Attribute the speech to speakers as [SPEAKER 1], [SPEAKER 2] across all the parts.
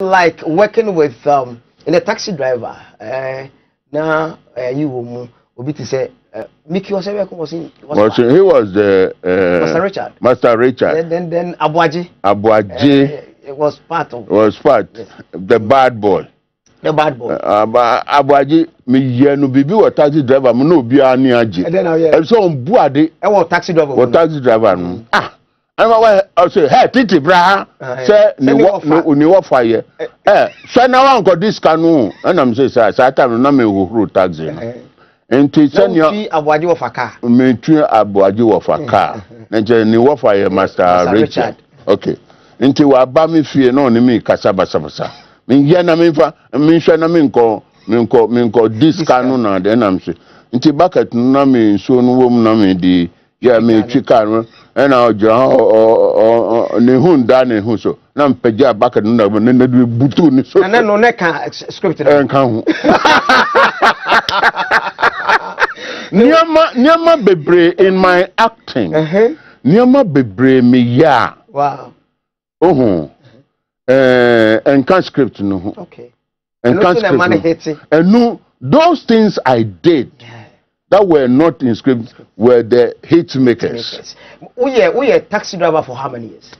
[SPEAKER 1] like working with um, in a taxi driver uh, na ẹyin eh, wo mu obi to say, eh, miki ọsẹwẹkun was in.
[SPEAKER 2] was in he was the. Uh, master richard. master richard. then then, then abuaje. abuaje.
[SPEAKER 1] Uh, was part of.
[SPEAKER 2] was part yes. the bad boy. the bad boy. Uh, abuaje mi yẹnu bibi wọ taxi driver mu n'obi a ni aje. ẹ dẹ́n na ọ yẹ. ẹ sọ n bu ade. taxi driver What taxi driver mu. Mm. ah ɛnfa wɔ ɔsɛ hɛ titi bra sɛ mm, mm, mm. ni wɔ fa yɛ ɛ sɛ na wa nkɔ disika no ɛnam sɛ sɛ saa ta no na mi huhuru taxi no nti sɛnea abuaji wɔ fa mi tu abuaji wɔ fa kaa nkyɛn ni wɔ fa yɛ master richard okay nti wa ba mi fie na ɔne mi kasa basabasa mi yɛ na mi nfa mi nhwɛ na mi nkɔ mi nkɔ mi nkɔ disika no na ɛnam sɛ nti bucket no na mi nsuo no mu na mi di yɛ mi twi kaa no ɛna ɔgyina hɔ ne ho da ne ho so na mpagya abaka no na ne ne de butu ne so. ɛnɛ no ne ka eh, script na. ɛnka ho. nneɛma nneɛma bebree in my acting uh-huh. nneɛma bebree mi yɛ a. ohun ɛnka script no ho. ɛnka script no ho ɛnu those things i did. Yeah that were not in script were the hit makers.
[SPEAKER 1] Who were taxi driver for how many years?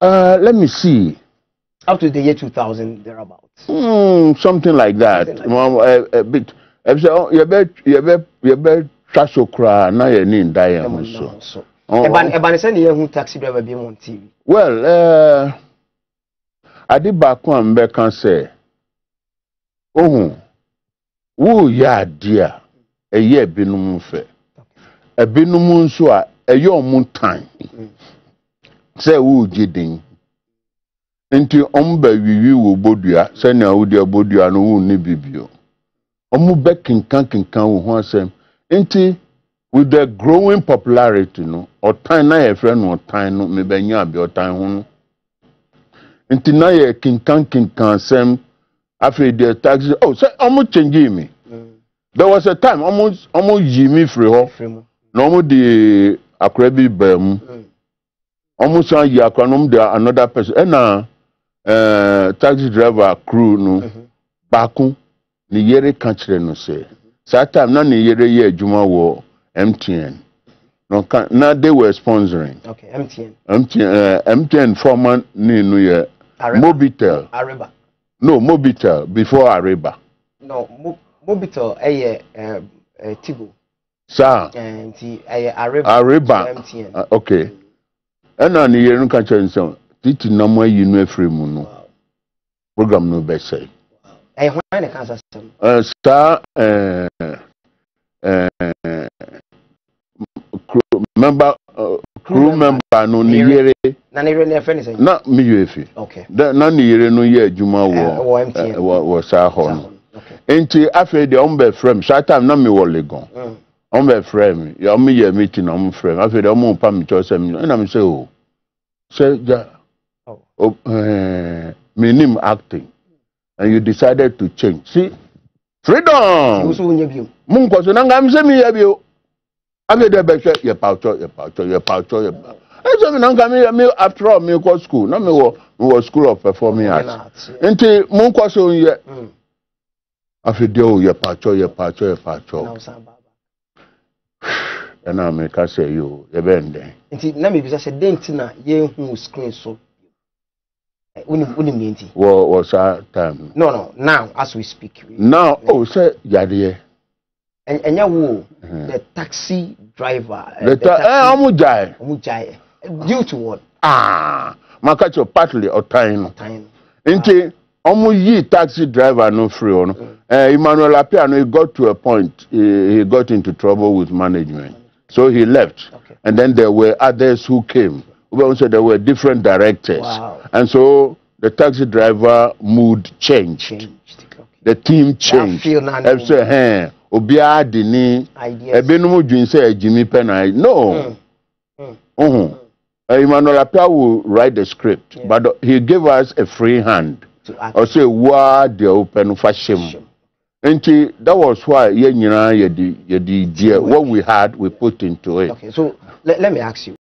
[SPEAKER 2] Uh, let me see.
[SPEAKER 1] Up to the year 2000, thereabouts.
[SPEAKER 2] Mm, something like that. Something like well, that. Uh, a, a bit. I said, oh, you bet, you bet, you bet, traso kura now. You need nda ye ho so. Eban
[SPEAKER 1] eban se ni ye hu taxi driver be on TV.
[SPEAKER 2] Well, uh, did back a back and say, ohun, wo yɛ adeɛ a Eyi ebinom fɛ ebinom nso a ɛyɛ ɔmo tan sɛ wɔregye den nti ɔmo bɛwiwi wɔ bodua sɛnea wodi bodua no wɔnni bibio ɔmo kinkan kenkankenkan wɔ ho asem nti with the growing popularity no ɔtan na no no ho nti na taxi oh there was a time almost ọmụ yi mi firi na ọmụ di akora bi baa mu ọmụ na ọmụ di another person ɛna eh, taxi driver crew no hmm. baako ne yere ka kyerɛ no sɛ time na ne yere yɛ adwuma wɔ mtn na ka they were sponsoring okay, mtn mtn uh, eh, mtn former ne no yɛ mobitel no mobitel before areba.
[SPEAKER 1] No, mobitel ɛyɛ eh, ɛɛ eh, ɛɛ eh, tigo. saa nti ɛyɛ areba areba mtn
[SPEAKER 2] ah, ok ɛna ne yɛn ka kyerɛ nsɛm titi nam ayi no afiri mu no program no bɛ sɛ.
[SPEAKER 1] ɛyɛ hɔn na ka asasɛm.
[SPEAKER 2] ɛɛ saa ɛɛ ɛɛ kuro member crew member no ne yere
[SPEAKER 1] na ne yere ne fɛ ne sɛ na
[SPEAKER 2] me yere fi okay na ne yere no yɛ adwuma wɔ wɔ saa hɔ no nti afei deɛ ɔmo bɛ frɛ mi saa time na mi wɔ legon mm. ɔmo bɛ frɛ mi ɔmo yɛ meeting na ɔmo frɛ mi afei deɛ ɔmo mpa mi kyɛw sɛ mi ɛna mi sɛ o oh, sɛ gya o oh. ɛɛ eh, mi nim acting and you decided to change see freedom mu nkɔso na nka mi sɛ mi yɛ bi o afei deɛ bɛ hwɛ yɛ pawtɔ yɛ pawtɔ yɛ pawtɔ yɛ pawtɔ ɛsɛ mi na nka mi yɛ mi after all mi kɔ school na mi wɔ mi wɔ school of performing arts nti mu nkɔso yɛ. Mm afei deɛ o yɛ paakyɔ yɛ paakyɔ yɛ paakyɔ ɛna meka sɛ yi o yɛbɛ ndɛn. nti na mi bisa sɛ
[SPEAKER 1] den ti na yɛn hu screen so
[SPEAKER 2] wonim wonim ne nti. wɔ wɔ saa time. no no now as we speak. now o oh, sɛ yadeɛ. ɛnyɛ wo
[SPEAKER 1] the taxi driver. the ta ɛɛ
[SPEAKER 2] ɔmu jae. ɔmu jae due to what. aa ah, maka kyerɛ partly ɔtan no. ɔtan no. nti. Ah ọmụ yi taxi driver no free ọ mm. eh, emmanuel apia he got to a point he, he got into trouble with management so he left okay. and then there were others who came so there were different directors wow. and so the taxi driver mood changed, changed. Okay. the team changed ẹbisẹ hẹn obiara di ni ebinom dun sẹ ejimi pẹ no. Mm. Mm. Mm-hmm. Eh, emmanuel Apia will write the script, yeah. but he gave us a free hand ɔsɛ ewua deɛ wopɛ no fa hyɛ mu nti that was why yɛn nyinaa yɛde yɛde deɛ what we had we put into it. okay so let, let me ask you.